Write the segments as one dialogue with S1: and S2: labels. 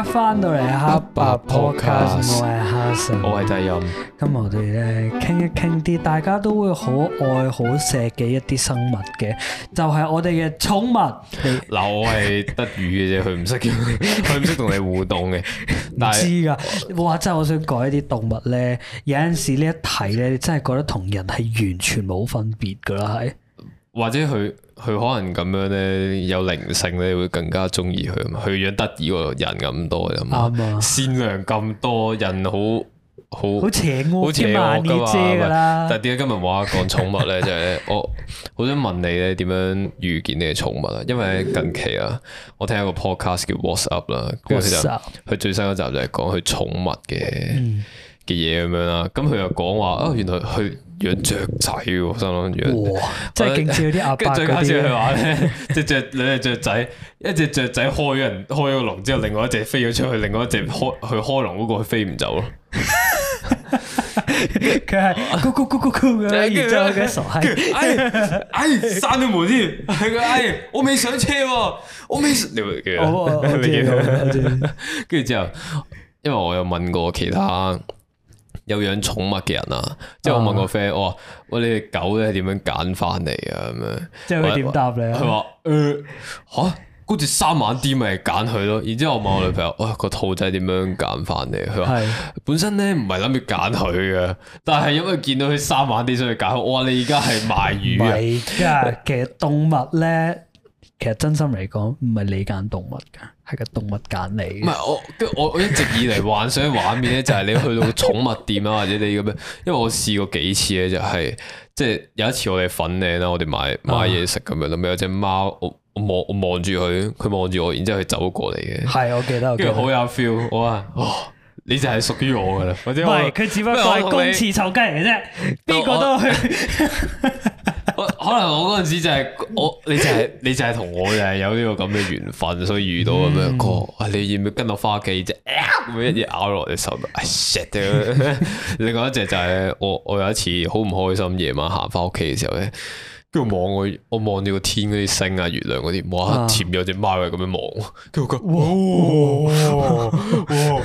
S1: 一翻到嚟哈，Podcast，哈，白我係哈臣，我係
S2: 低音。
S1: 咁我哋咧傾一傾啲大家都會好愛好錫嘅一啲生物嘅，就係、是、我哋嘅寵物。
S2: 嗱、 啊，我係得魚嘅啫，佢唔識嘅，佢唔識同你互動嘅。唔 是知
S1: 噶，哇！真係我想講一啲動物咧，有陣時一題呢一睇咧，你真係覺得同人係完全冇分別噶啦，係
S2: 或者佢。佢可能咁樣呢，有靈性咧，會更加鍾意佢啊嘛。佢樣得意喎，人咁多啊嘛，善良咁多人，好好好邪惡，噶啦。但係點解今日話講寵物呢？ 就係我好想問你呢點樣遇見你嘅寵物啊？因為近期啊，我聽一個 podcast 叫 What's Up 啦，佢最新嗰集就係講佢寵物嘅嘅嘢咁樣啦。咁佢又講話啊，原來佢。養雀仔喎，我心諗。哇！是真係勁似啲阿伯咁樣是。跟住最搞笑佢話咧，隻雀兩隻雀仔， 一隻雀仔開咗人開個籠，之後另外一隻飛咗出去，另外一隻開去開籠嗰個佢飛唔走
S1: 咯。佢係 咕咕咕咕咕咁，跟住之後 哎，哎
S2: 哎閂咗門先，係佢。 哎，我未上車喎，我未。你話佢？我未見到， 我未見到。跟住 之後，因為我有問過其他。有養寵物嘅人啊，即係我問個 friend，我話：我你隻狗咧點樣揀翻嚟啊？咁樣，即係佢點答你，啊？佢話：吓，呃，嗰次，那個、三萬啲咪揀佢咯。然之後我問我女朋友：嗯，哇，那個兔仔點樣揀翻嚟？佢話：嗯，本身咧唔係諗住揀佢嘅，但係因為見到佢三萬啲所以揀佢。我話你而家係賣魚啊？而家
S1: 嘅動物咧。 其實真心嚟講，唔係你揀動物噶，係個動物揀你。唔係
S2: 我，我我一直以嚟幻想畫面咧，就係你去到寵物店啊，或者你咁樣，因為我試過幾次咧、就是，就係即係有一次我哋粉嶺啦，我哋買買嘢食咁樣，咁有隻貓，我我望我望住佢，佢望住我，然之後佢走過嚟嘅。係，我記得。跟住好有 feel，哇、 啊！哦，你就係屬於我噶啦。唔係是，佢我只不過係公廁
S1: 臭雞嚟啫，邊個都去。可能
S2: 我嗰陣時就係、是、我，你就係、是、你就係同我就係有呢個咁嘅緣分，所以遇到咁樣哥，你要唔要跟我翻屋企啫？咁、呃、樣一嘢咬落我隻手，你、哎、另一隻就係、是、我，我有一次好唔開心，夜晚行翻屋企嘅時候咧，跟住望我，我望住個天嗰啲星啊、月亮嗰啲，哇，啊、前面有隻貓又咁樣望，跟住、哦哦哦哦哦哦哦哦、我，哇哇，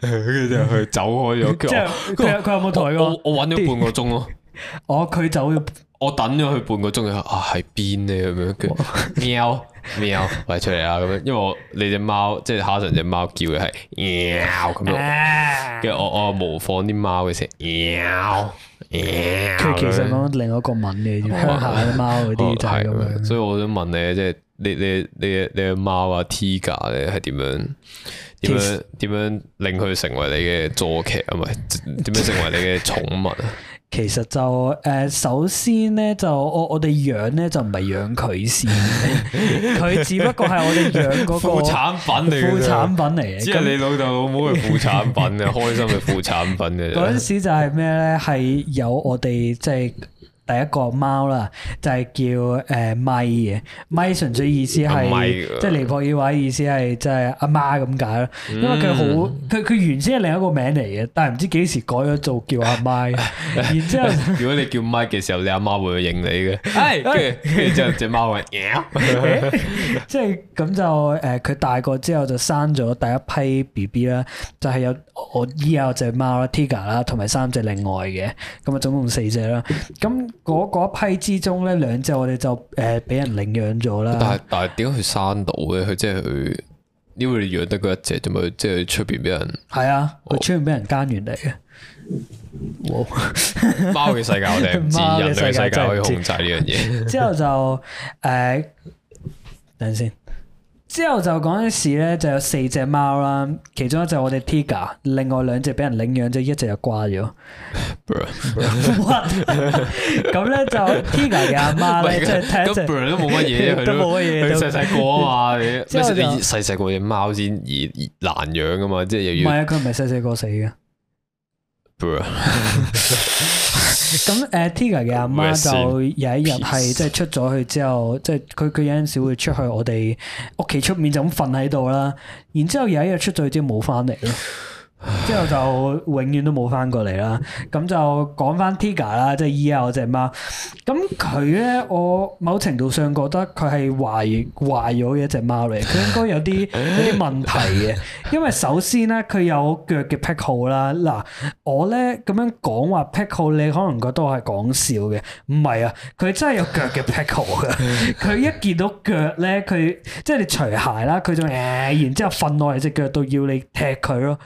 S2: 跟住佢就去走開咗。即
S1: 係佢有冇台嘅？我我搵咗半個鐘咯。 我佢走咗。
S2: 我等咗佢半個鐘，佢話：啊，喺邊咧？咁樣叫？ 喵喵，快出嚟啊！咁樣，因為我你隻貓，即係哈臣隻貓叫嘅係喵咁樣，跟住我我模仿啲貓嘅聲喵，佢其實
S1: 講另外一個文嘅，你 的貓嗰啲就係咁、 哦、
S2: 樣。所以我想問你，即係你你你貓 iga, 你貓啊 Tiga 咧係點樣？點天樣點樣令佢成為你嘅坐騎啊？咪？係點樣成為你嘅寵物啊？
S1: 其實就誒、呃，首先咧就、哦、我我哋養咧就唔係養佢先，佢 只不過係我哋養嗰個副產品嚟，副產品嚟。即係你
S2: 老豆老母係副產品嘅， 開心係副產品
S1: 嘅。嗰陣時就係咩咧？係 有我哋即係。就是第一個貓啦，就係叫誒咪嘅，咪純粹意思係，即係尼泊爾話意思係即係阿媽咁解咯。嗯、因為佢好，佢佢原先係另一個名嚟嘅，但係唔知幾時改咗做叫阿咪。
S2: 然 之後如果你叫咪嘅時候，你阿媽會去認你嘅。係、哎，跟住之後隻貓話，即
S1: 係咁就誒，佢、呃、大個之後就生咗第一批 B B 啦，就係有我依有隻貓啦 Tiger 啦，同埋三隻另外嘅，咁啊總共四隻啦，咁。嗰批之中咧，兩隻我哋就誒俾、呃、人領養咗啦。但係
S2: 但係點解佢生到咧？佢即係佢，因為你養得嗰一隻，做咩即係出邊俾人？
S1: 係啊，佢出邊俾人奸完嚟嘅。貓嘅世界我哋唔知，人嘅世界、人類世界可以控制呢樣嘢。 之後就誒、呃、等陣先。之後就嗰陣時咧就有四隻貓啦，其中一隻我哋 Tiger 另外兩隻俾人領養，隻一隻就掛咗。咁咧就 Tiger 嘅阿媽咧就睇隻 都冇乜嘢，佢都冇乜嘢，佢細細個啊嘛，即係你
S2: 細細個隻貓先而難養啊嘛，即係又要。唔係啊，
S1: 佢唔係細細個死嘅。咁誒，Tiger 嘅阿媽就有一日係即係出咗去之後，Peace. 即係佢佢有陣時會出去我哋屋企出面就咁瞓喺度啦。然之後有一日出咗去之後冇翻嚟咯。 之後就永遠都冇翻過嚟啦。咁就講翻 Tiger 啦，即係 E 啊嗰隻貓。咁佢咧，我某程度上覺得佢係壞壞咗嘅一隻貓嚟。佢應該有啲有啲問題嘅。因為首先咧，佢有腳嘅癖好啦。嗱，我咧咁樣講話癖好，你可能覺得我係講笑嘅。唔係啊，佢真係有腳嘅癖好嘅。佢 一見到腳咧，佢即係你除鞋啦，佢仲，誒，然之後瞓落嚟隻腳度要你踢佢咯。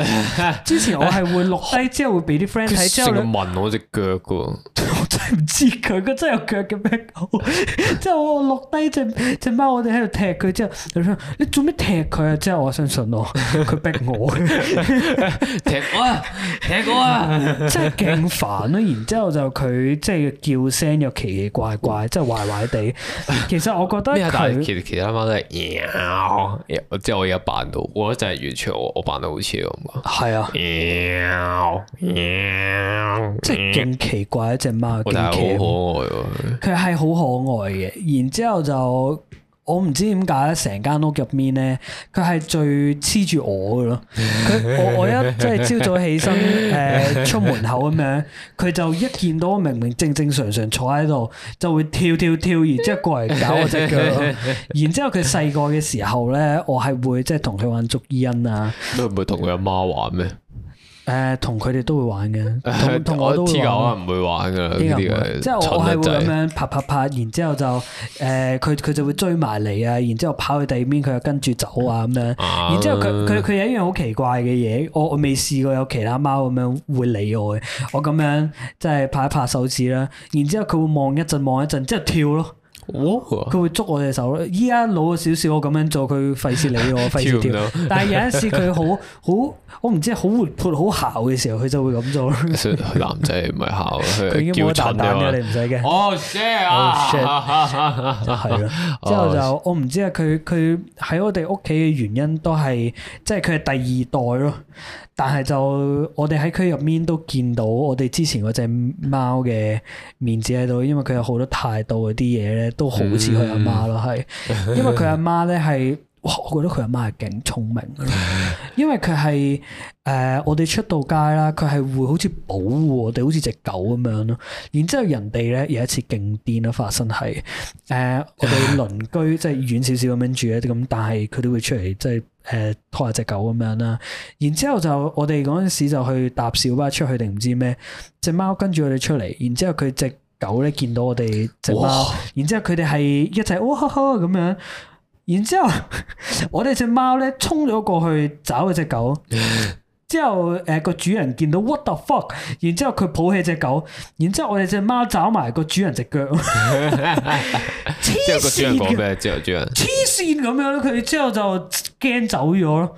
S1: 之前我係會錄低之後會俾啲 friend 睇，之後佢成
S2: 日聞我隻腳噶、啊。
S1: 我真係唔知佢個真係有腳嘅咩狗，之 後我落低隻隻貓，我哋喺度踢佢之後，你做咩踢佢啊？之後我相信咯，佢逼我 踢我，啊，踢我啊！真係勁煩咯。然之後就佢即係叫聲又奇奇怪怪，即係壞壞地。其實我覺得但係
S2: 其實其他貓都係，我之我而家扮到，我覺得就係完全我扮得好似咁係啊，呃呃呃、即
S1: 係勁奇怪一隻貓。好可愛喎，佢係好可愛嘅。 然之後就我唔知點解，成間屋入面咧，佢係最黐住我嘅咯。我我， 我，我一即係朝早起身，誒、呃、出門口咁樣，佢就一見到我明明正正常常坐喺度，就會跳跳跳， 然之後過嚟搞我隻腳。然之後佢細個嘅時候咧，我係會即係同佢玩捉依因啊。你
S2: 唔會同佢阿媽玩咩？
S1: 誒同佢哋都會玩嘅，同同、啊、我都。我 T 狗唔會
S2: 玩嘅，T 狗即係我係會咁樣
S1: 拍拍拍，然之後就誒佢佢就會追埋嚟啊，然之後跑去第二邊，佢又跟住走啊咁樣。然之後佢佢佢有一樣好奇怪嘅嘢，我我未試過有其他貓咁樣會理我。我咁樣即係拍一拍手指啦，然之後佢會望一陣，望一陣，即係跳咯。佢、哦、會捉我隻手咯，依家老咗少少，我咁樣做，佢費事理我，費事跳。 但係有一次佢好好，我唔知係好活潑好姣嘅時候，佢就會咁做咯。 男仔唔係姣，佢已叫蠢嘅，你唔使驚。 Oh shit！係咯，之後就、oh、shit. 我唔知啊，佢佢喺我哋屋企嘅原因都係，即係佢係第二代咯。但係就我哋喺佢入面都見到我哋之前嗰隻貓嘅面子喺度，因為佢有好多態度嗰啲嘢咧，都好似佢阿媽咯，係、嗯、因為佢阿媽咧係，哇！我覺得佢阿媽係勁聰明，因為佢係誒我哋出到街啦，佢係會好似保護我哋，好似隻狗咁樣咯。然之後人哋咧有一次勁癲啦，發生係誒、呃、我哋鄰居即係遠少少咁樣住一啲咁，但係佢都會出嚟即係。誒，拖下隻狗咁樣啦，然之後就我哋嗰陣時就去搭小巴出去定唔知咩？隻貓跟住我哋出嚟，然之後佢隻狗咧見到我哋隻貓，哇然之後佢哋係一齊哇、哦、呵呵咁樣，然之後 我哋隻貓咧衝咗過去找隻狗。嗯之後誒，個、呃、主人見到 what the fuck，然之後佢抱起隻狗，然之後我哋隻貓抓埋個主人隻腳。
S2: 之 後個主人講咩？之後主人黐
S1: 線咁樣佢，之後就驚走咗咯。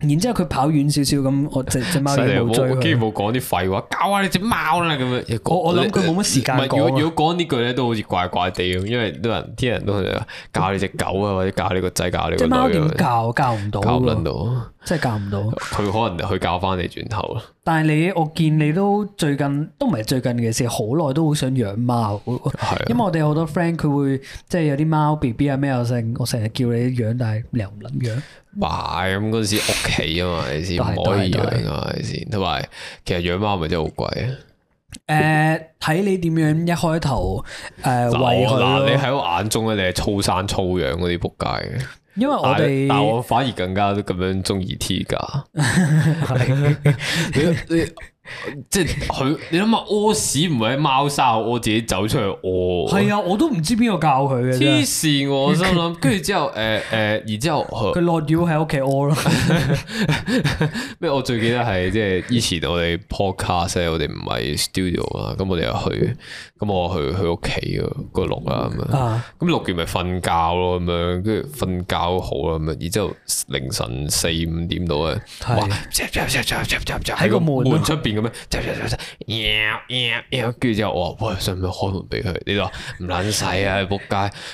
S1: 然之後佢跑遠少少咁，我只隻貓冇追。既然
S2: 冇講啲廢話，教下、啊、你隻貓啦、啊、咁樣我。我我諗佢冇乜時間，如果如果講呢句咧，都好似怪怪地咁，因為都人啲人都係話教你隻狗啊，或者教你個仔教你個。隻貓點
S1: 教？教唔到。教唔到。真係教唔到，
S2: 佢可能佢教翻你轉頭。
S1: 但係你，我見你都最近都唔係最近嘅事，好耐都好想養貓。係，是啊、因為我哋好多 friend 佢會即係有啲貓 B B 啊咩，我成我成日叫你養，但係你又唔
S2: 諗養。唔咁嗰時屋企啊嘛， 你先唔可以養啊，你先。同埋其實養貓咪真係好貴
S1: 啊。誒、呃，睇你點樣一開頭誒餵佢咯。你
S2: 喺我眼中咧，你係粗生粗養嗰啲仆街嘅。因為我哋、啊，但我反而更加都咁樣中意 T 架。 即係佢，你諗下屙屎唔喺貓砂，我自己走出去屙。係啊，
S1: 我都唔知邊個教佢嘅，黐線他 我心諗。
S2: 跟住 之後，誒、呃、誒，然之後佢
S1: 落尿喺屋企屙咯。
S2: 咩？ 我最記得係即係以前我哋 podcast 咧，我哋唔係 studio 啊，咁我哋又去，咁我去去屋企、嗰個錄啊咁樣。咁錄完咪瞓覺咯，咁樣跟住瞓覺好啦。咁啊，然之後，後凌晨四五點到咧，哇！喺的個門出邊。咁咩？跟住之後我話：喂，想唔想開門俾佢？你話唔撚使啊！仆街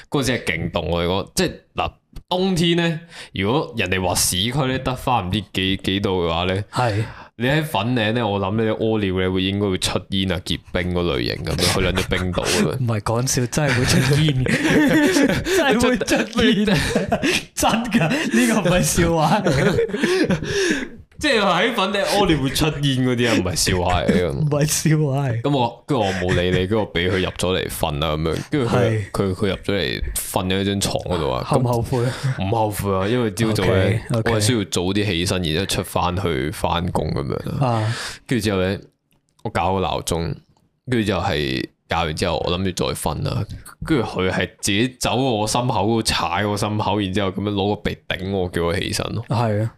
S2: 嗰陣真係勁凍，我講、啊、即係嗱，冬天咧，如果人哋話市區咧得翻唔知幾幾度嘅話咧，係是你喺粉嶺咧，我諗你屙尿咧會應該會出煙啊，結冰嗰類型咁樣，去諗到冰島啊！唔
S1: 係講笑，真係會出煙， 真係會出煙， 真噶，呢、 呢個唔係笑話。
S2: 即係喺粉底屙尿會出現嗰啲啊，唔係笑壞，
S1: 唔係笑壞。
S2: 咁我，跟住我冇理你，跟住我俾佢入咗嚟瞓啦，咁樣。跟住佢，佢，佢入咗嚟瞓咗喺張床嗰度啊。咁後唔後悔？唔後悔啊，因為朝早咧，我係需要早啲起身，然，後出去然後之後出翻去翻工咁樣。跟住之後咧，我搞個鬧鐘，跟住之後係搞完之後，我諗住再瞓啦。跟住佢係自己走我心口，踩我心口，然之後咁樣攞個鼻頂我，叫我起
S1: 身咯。係啊。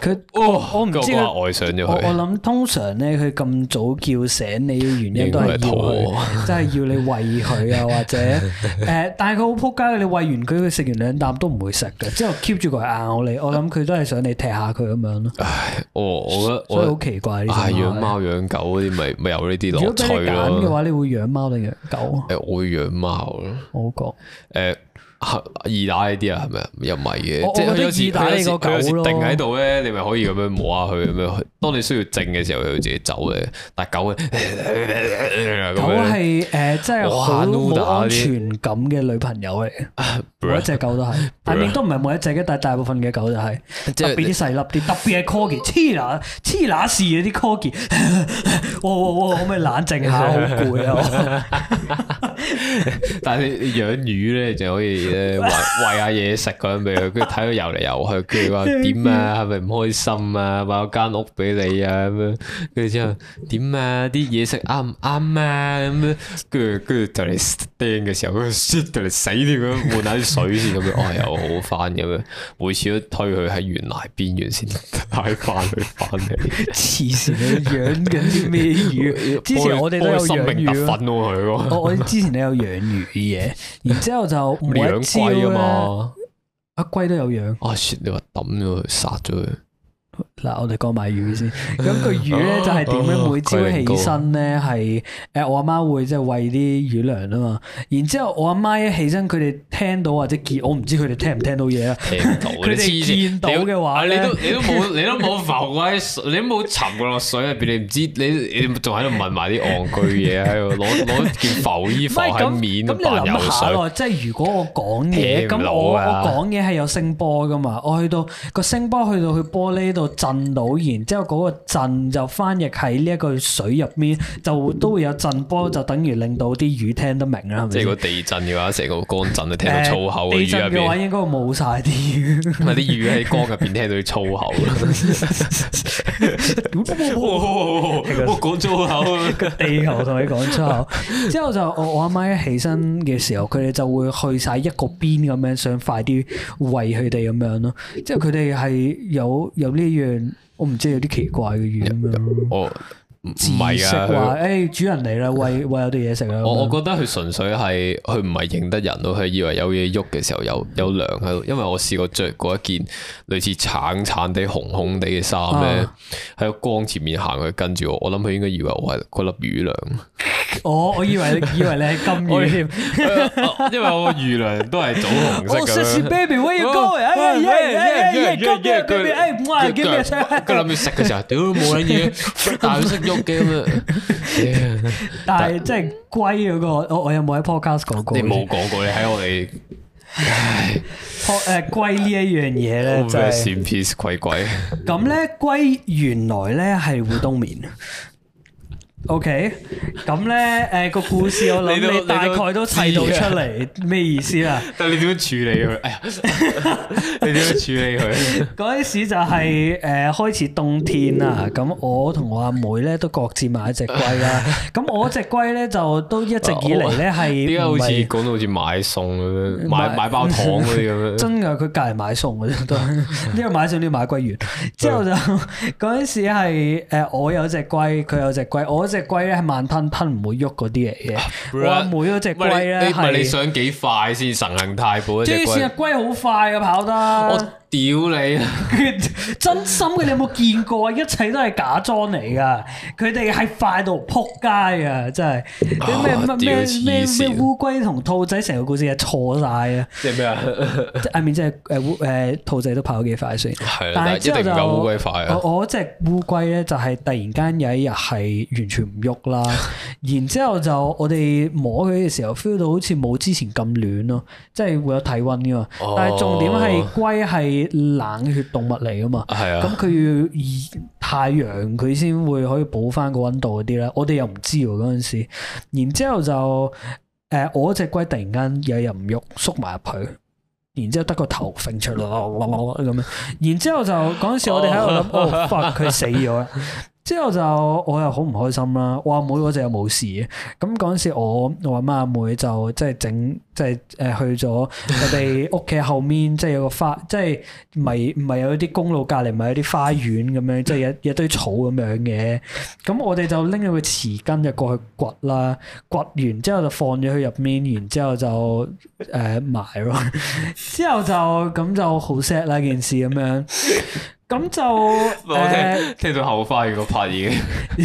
S1: 佢我我唔知我愛上咗佢，我諗通常咧佢咁早叫醒你嘅原因都係肚餓，真係要你餵佢啊，或者誒，但係佢好扑街，你餵完佢，佢食完兩啖都唔會食嘅，之後 keep 住佢咬你，我諗佢都係想你踢下佢咁樣咯。唉，
S2: 我我覺得所以好奇怪，係養貓養狗嗰啲咪咪有呢啲咯。如果俾膽嘅話，
S1: 你會養貓定養狗？
S2: 誒，我會養貓咯。我覺誒。係二打呢啲啊，係咪啊？又唔係嘅，即係佢有時呢有狗定喺度咧，你咪可以咁樣摸下佢咁樣。當你需要靜嘅時候，佢自己走嘅。但係狗嘅狗係
S1: 誒，即係好冇安全感嘅女朋友嚟。每一隻狗都係，但亦都唔係每一隻嘅，但係大部分嘅狗就係特別啲細粒啲，特別係 Corgi 黐乸黐乸事啊啲 Corgi。我可唔可以冷靜下？好攰啊！
S2: 但係養魚咧，就可以餵餵下嘢食咁樣俾佢，跟住睇佢游嚟游去，跟住話點啊？係咪唔開心啊？買間屋俾你啊咁樣，跟住之後點啊？啲嘢食啱唔啱啊？咁樣，跟住跟住就嚟釘嘅時候，shit 就嚟死啲咁樣，換下啲水先咁樣，我、哎、又好翻咁樣，每次都推佢喺懸崖邊緣先帶翻佢翻嚟。
S1: 黐線！之前養緊啲咩魚？ 之前我哋都有養魚。我、啊 哦、我之前。你有養魚嘅嘢， 然之後就養龜啊嘛，阿龜、 啊、都有養。啊、oh、shit，你話抌咗佢，殺咗佢。嗱，我哋講埋魚先，咁個魚咧就係點樣每朝起身咧係，誒我阿媽會即係喂啲魚糧啊嘛，然之後我阿媽一起身，佢哋聽到或者見，我唔知佢哋聽唔聽到嘢啊？佢哋見到嘅 話你，
S2: 你都你都冇你都冇浮喺水，你都冇沉過落水入邊，你唔知你你仲喺度問埋啲戇居嘢喺度，攞攞 件浮衣浮喺面咁你諗下，即
S1: 係如果我講嘢，咁我我講嘢係有聲波噶嘛？我去到個聲波去到去玻璃度。震到然，然之後嗰個震就翻譯喺呢一個水入面，就都會有震波，就等於令到啲魚聽得明啦，係咪？即係個
S2: 地震嘅話成個江震啊，聽到粗口嘅魚入邊，呃。地震嘅話
S1: 應該冇晒啲，唔係啲魚喺江
S2: 入邊聽到啲粗口。
S1: 講、哦哦哦哦、粗口啊！ 地球同你講粗口。之後就我阿媽一起身嘅時候，佢哋就會去晒一個邊咁樣想快啲喂佢哋咁樣咯。即係佢哋係有有呢、這個？樣，我唔知有啲奇怪嘅嘢。咁
S2: 唔係啊！話誒它、
S1: 哎，主人嚟啦，喂 喂，喂有啲嘢食啦。我我
S2: 覺得佢純粹係佢唔係認得人咯，佢以為有嘢喐嘅時候有有糧喺度。因為我試過着過一件類似橙橙地、紅紅地嘅衫咧，喺個、啊、光前面行，佢跟住我。我諗佢應該以為我係嗰粒魚糧。
S1: 我我以為以為你係金魚添，因為我
S2: 魚糧都係棗紅色嘅。Oh, baby, where you going? Yeah, yeah, yeah,
S1: yeah。佢誒，哇！驚咩出？佢
S2: 諗住食嘅時候，屌冇呢嘢，但係佢識喐嘅。
S1: 但係真係龜嗰個，我我有冇喺 podcast 講過？你冇講過，你喺我哋誒，龜呢一樣嘢咧就係
S2: species 龜龜。
S1: 咁咧龜原來咧係會冬眠。O K，咁咧誒個故事我諗你大概都砌到出嚟
S2: 咩意思啦、啊？ 但你點樣處理佢？哎呀，你點樣處理佢？
S1: 嗰陣 時就係、是、誒、呃、開始冬天啦，咁我同我阿妹咧都各自買一隻龜啦。咁我隻龜咧就都一直以嚟咧係點解好似
S2: 講到好似買餸咁樣買買,買包糖啲咁樣？ 真
S1: 噶，佢隔籬買餸嗰啲都係呢個買餸要買龜完，之後就嗰陣 時係我有隻龜，佢有隻龜，我只。我隻龜咧係慢吞吞，唔會喐嗰啲嚟嘅，我會咯。隻龜咧係，你想
S2: 幾快先神行太保？即係隻
S1: 龜好快嘅、啊、跑得。屌你啦、啊！ 真心嘅，你有冇見過啊？一切都係假裝嚟噶，佢哋係快到撲街啊！真係咩咩咩咩烏龜同兔仔成個故事係錯晒啊！即係咩啊？阿明即係誒誒兔仔都跑得幾快先？係啦的，但係一定唔夠烏龜快啊！我我隻烏龜咧就係突然間有一日係完全唔喐啦。 然之後就我哋摸佢嘅時候 feel 到好似冇之前咁暖咯，即係會有體温噶嘛。Oh. 但係重點係龜係冷血動物嚟噶嘛，咁佢、oh. 要太陽佢先會可以補翻個温度嗰啲咧。我哋又唔知喎嗰陣時。然之後就誒、呃、我隻龜突然間有日唔喐縮埋入去，然之後得個頭揈出嚟咁樣。然之後就嗰陣、oh. 時我哋喺度諗，fuck 佢、oh. oh, 死咗啊！ 之後就我又好唔開心啦，我阿妹嗰隻又冇事嘅，咁嗰陣時我我阿媽阿妹就即係整即係誒去咗我哋屋企後面， 即係有個花，即係唔係唔係有啲公路隔籬，唔係有啲花園咁樣，即係一一堆草咁樣嘅，咁我哋就拎咗個匙羹就過去掘啦，掘完之後就放咗去入面，然後、呃、 之後就誒埋咯，之後就咁就好 sad 啦件事咁樣。咁就
S2: 我聽,、呃、聽到後花園個拍已經 ，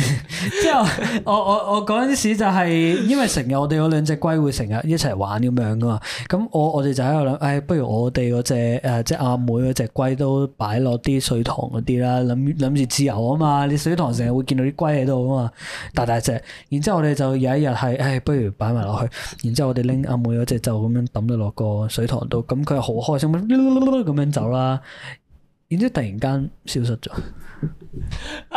S1: 之後我我我嗰陣時就係、是、因為成日我哋有兩隻龜會，會成日一齊玩咁樣噶嘛。咁我我哋就喺度諗，誒、哎、不如我哋嗰隻誒即阿妹嗰隻龜都擺落啲水塘嗰啲啦，諗諗住自由啊嘛。你水塘成日會見到啲龜喺度啊嘛，大大隻。然之後我哋就有一日係誒，不如擺埋落去。然之後我哋拎阿妹嗰隻就咁樣抌咗落個水塘度，咁佢好開心咁樣走啦。然之後突然間消失咗，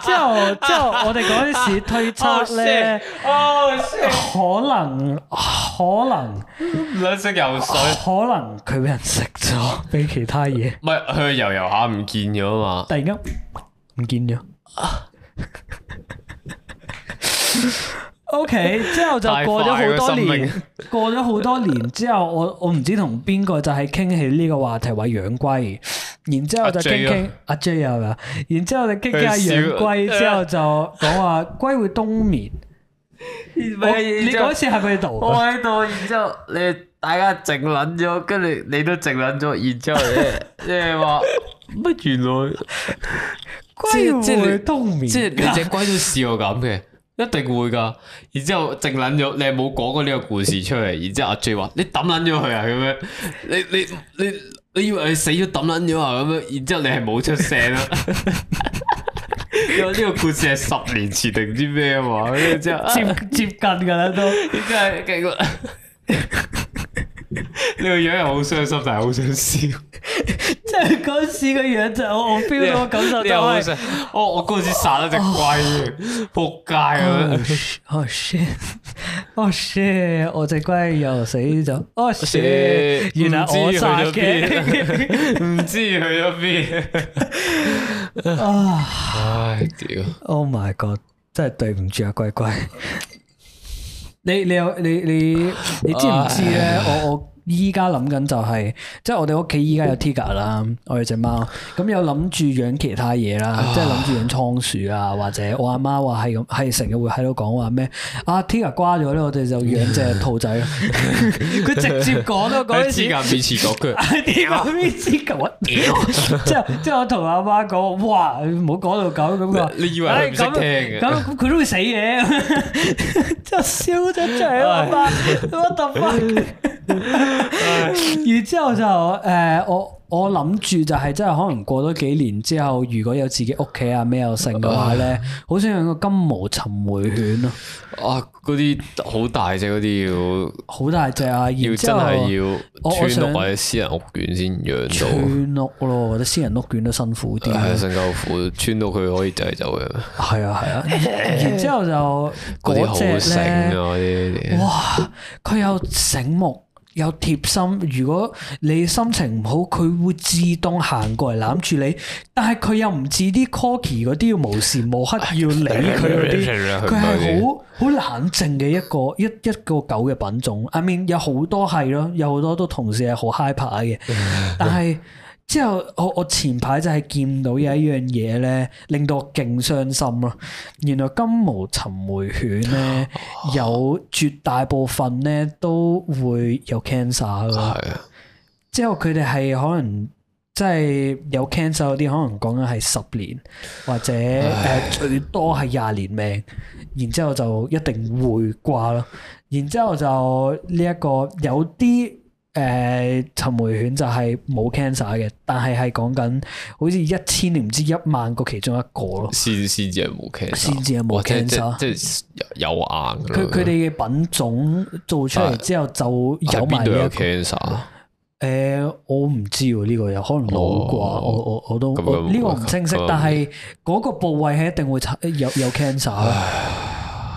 S1: 之後之後我哋嗰陣時推測咧 可能，可能
S2: 唔識游水，可能
S1: 佢俾人食咗，俾其他嘢，
S2: 唔係去游游下唔見咗嘛？突然
S1: 間唔見咗 ，OK，之後就過咗好多年， 過咗好多年之後，我我唔知同邊個就係傾起呢個話題話養龜。然之後就傾傾阿 J 有冇，然之後你傾傾下養龜，之後就講話龜會冬眠。啊、我你嗰次係咪喺度？我喺度。然之後
S2: 你大家靜諗咗，跟住你都靜諗咗。然之後咧即係話乜？就是，
S1: 原來龜會冬眠。即係你隻龜都
S2: 似我咁嘅，一定會噶。然之後靜諗咗，你冇講過呢個故事出嚟。然之後阿 J 話你抌諗咗佢啊，咁樣你你你。你你你你你你我以為你死咗抌捻咗啊咁樣，然之後你係冇出聲咯，因為呢個故事係十年前定唔知咩啊嘛，之後接
S1: 接近噶啦都，依家幾
S2: 呢個樣又好傷心，但係好想笑，
S1: 即係嗰時個樣就我 feel 到我感受就係，
S2: 我我嗰時殺咗隻龜，oh、仆街啊！Oh
S1: shit！Oh shit,、oh、shit！我隻龜又死咗！Oh shit！、欸、原來我殺嘅，唔
S2: 知去咗邊
S1: 啊！唉， 屌！Oh my god！真係對唔住啊，乖乖。你你有你你你知唔知咧？ 我我。依家諗緊就係、是，即係我哋屋企依家有 Tiger 啦，我哋隻貓，咁有諗住養其他嘢啦，啊、即係諗住養倉鼠啊，或者我阿媽話係咁，係成日會喺度講話咩？啊 Tiger 瓜咗咧，我哋就養隻兔仔
S2: 佢、嗯、 直接講咯，講啲字眼變詞，即
S1: 係即係我同阿媽講，哇，唔好講到咁咁話。你以為我唔識聽咁佢都會死嘅。 就笑咗嘴啊嘛，乜 什麼 然 之後就誒、呃，我我諗住就係真係可能過咗幾年之後，如果有自己屋企啊咩有剩嘅話咧，好想養個金毛尋回犬咯。
S2: 啊，嗰啲好大隻，嗰啲要
S1: 好大隻啊！
S2: 要真係要村屋、啊、或者私人屋苑先養到。村
S1: 屋咯，或者私人屋苑都辛苦啲、啊。係
S2: 辛苦，穿到佢可以走就走
S1: 啦。係啊係啊，然之後就嗰隻好醒啊啲。 啊、哇，佢有醒目。有貼心，如果你心情唔好，佢會自動行過嚟攬住你。但係佢又唔似啲 Corgi 嗰啲要無時無刻要理佢嗰啲，佢係好好冷靜嘅一個一一個狗嘅品種。I mean 有好多係咯，有好多都同事係好 hyper 嘅，但係。 之後，我我前排就係見到有一樣嘢咧，令到我勁傷心咯。原來金毛尋回犬咧，有絕大部分咧都會有 cancer 嘅。 之後佢哋係可能即係有 cancer，有啲可能講緊係十年或者誒 最多係廿年命，然之後就一定會掛咯。然之後就呢、這、一個有啲。誒，尋回、呃、犬就係冇 cancer 嘅，但係係講緊好似一千定唔知一萬個其中一個咯。先先至係冇 cancer，先至係冇 cancer。
S2: 即係有硬。佢佢哋
S1: 嘅品種做出嚟之後就有埋嘢
S2: cancer。
S1: 誒，我唔知喎，呢個有可能老啩、哦。我我我都呢、呢個唔清晰，嗯、但係嗰個部位係一定會有有 cancer。有 can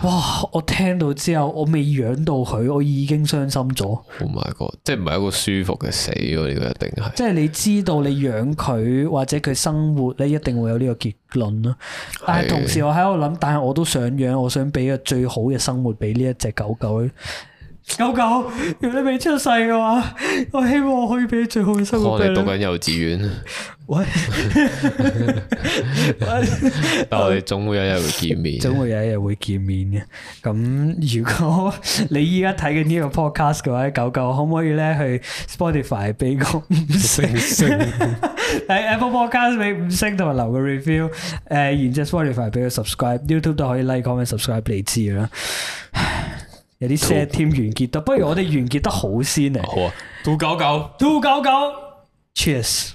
S1: 哇！我聽到之後，我未養到佢，我已經傷心咗。唔係個
S2: 即係唔係一個舒服嘅死喎、啊？呢個一定係。
S1: 即係你知道你養佢或者佢生活你一定會有呢個結論咯。但係同時我喺度諗，的但係我都想養，我想俾個最好嘅生活俾呢一隻狗狗。狗狗，如果你未出世嘅話，我希望可以俾你最好嘅生活。我哋讀緊幼稚園。喂，
S2: 但係我哋總會有一日會見面。總會
S1: 有一日會見面嘅。咁如果你依家睇緊呢個 podcast 嘅話，狗狗可唔可以咧去 Spotify 俾個五星？喺 Apple Podcast 俾五星同埋留個 review。誒，然之後 Spotify 俾個 subscribe，YouTube 都可以 like 同埋 subscribe 你知啦。有啲 set 添，完結得不如我哋完結得好先啊！好啊，two 九九 two 九九，Cheers！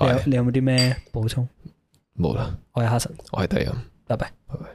S1: 你有、哎、你有冇啲咩補充？冇啦了，我係哈臣，我係低音！拜拜，拜拜。